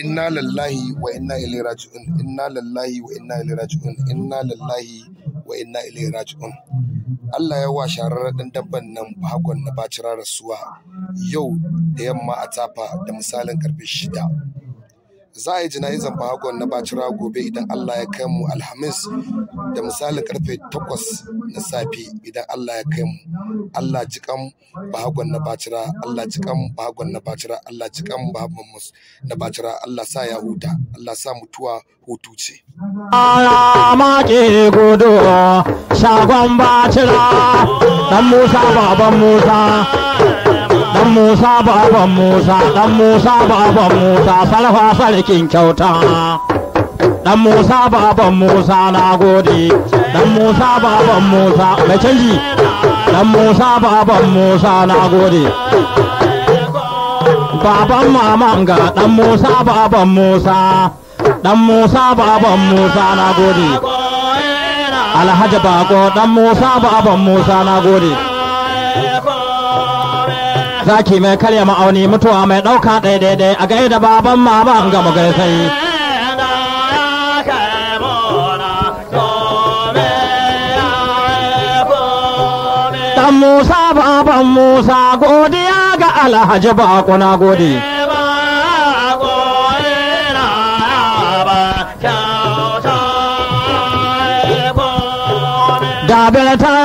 inna lallahi wa inna ilaihi raji'un inna lallahi wa inna ilaihi raji'un inna lallahi wa inna ilaihi raji'un Allah ya wa sharar dan dabban nan hagon na bacira rasuwa yau da yamma a tafa da misalin karfe shida za a yi jana'izan bahagon na bacira gobe idan Allah ya kai mu alhamis da misalin karfe takwas na safe idan Allah ya kai mu Allah jikan bahagon na bacira Allah jikan bahagon na bacira Allah jikan bahagon na bacira Allah sa ya huta Allah sa mutuwa hutu ce Allah ma ke godo shagon bacira dan Musa baban Musa dan musa baban musa dan musa baban musa salfa sarkin kyauta dan musa baban musa na gode dan musa baban musa mai canji dan musa baban musa na gode baban maman ga dan musa baban musa dan musa baban musa na gode alhaji bako dan musa baban musa na gode zaki mai karya ma'auni mutuwa mai ɗauka ɗaya daidai a gaida baban mama ga magaisai. Dan Musa baban Musa godiya ga Alhaji Bakuna gode. Gabel ta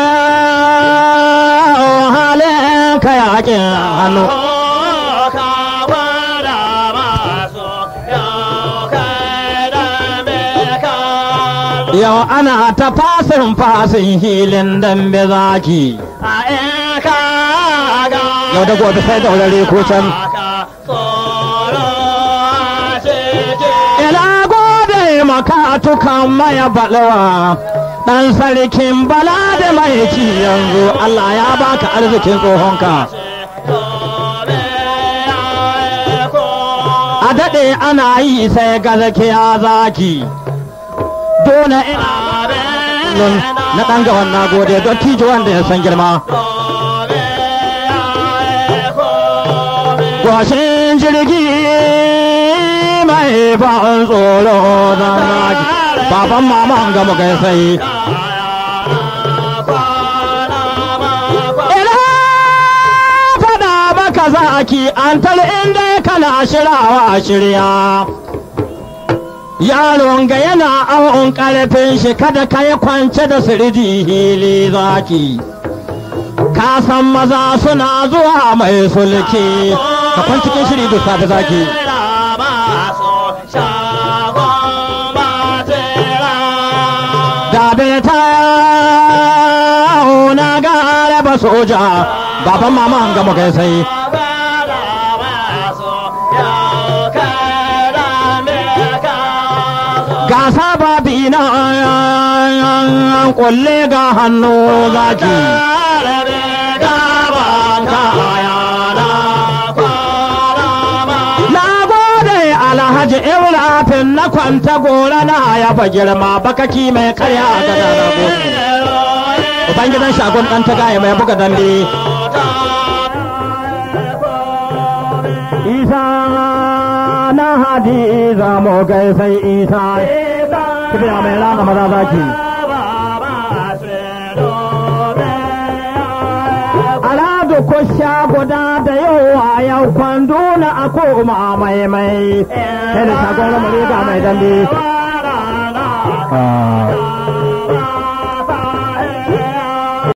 kaya hakin hannu Yau ana ta fasin fasin hilin dambe zaki. Yau da gobe sai da wurare ko can. Ila gode maka tukan maya balewa. ɗan sarkin bala da mai ci yanzu Allah ya baka arzikin tsohonka a daɗe ana yi sai ga zakiya zaki dole ina na ɗan gawan na gode don tijo wanda ya san girma gwashin jirgi mai ban tsoro zan zaki baban mama an gama gaisaye za a ki an tal inda kana shirawa shirya yaron ga yana awon karfin shi kada ka yi kwance da sirji hili zaki ka san maza suna zuwa mai sulki ka cikin shiri da zaki soja baban mama an gama gaisai gasa babi na kulle ga hannu zaki Alhaji Ibrahim na kwanta gora na ya fa girma bakaki mai karya a gada na ban gidan shagon dan ta gaya mai buga dambe isa na hadiza mu gaisai isa kibiya mai rana maza zaki aladu ko sha guda da yawa yau kwando na ako ma mai mai kai da shagon ramari ga mai dambe ah.